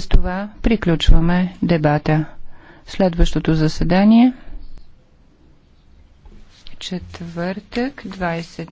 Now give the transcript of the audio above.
С това приключваме дебата. Следващото заседание четвъртък 20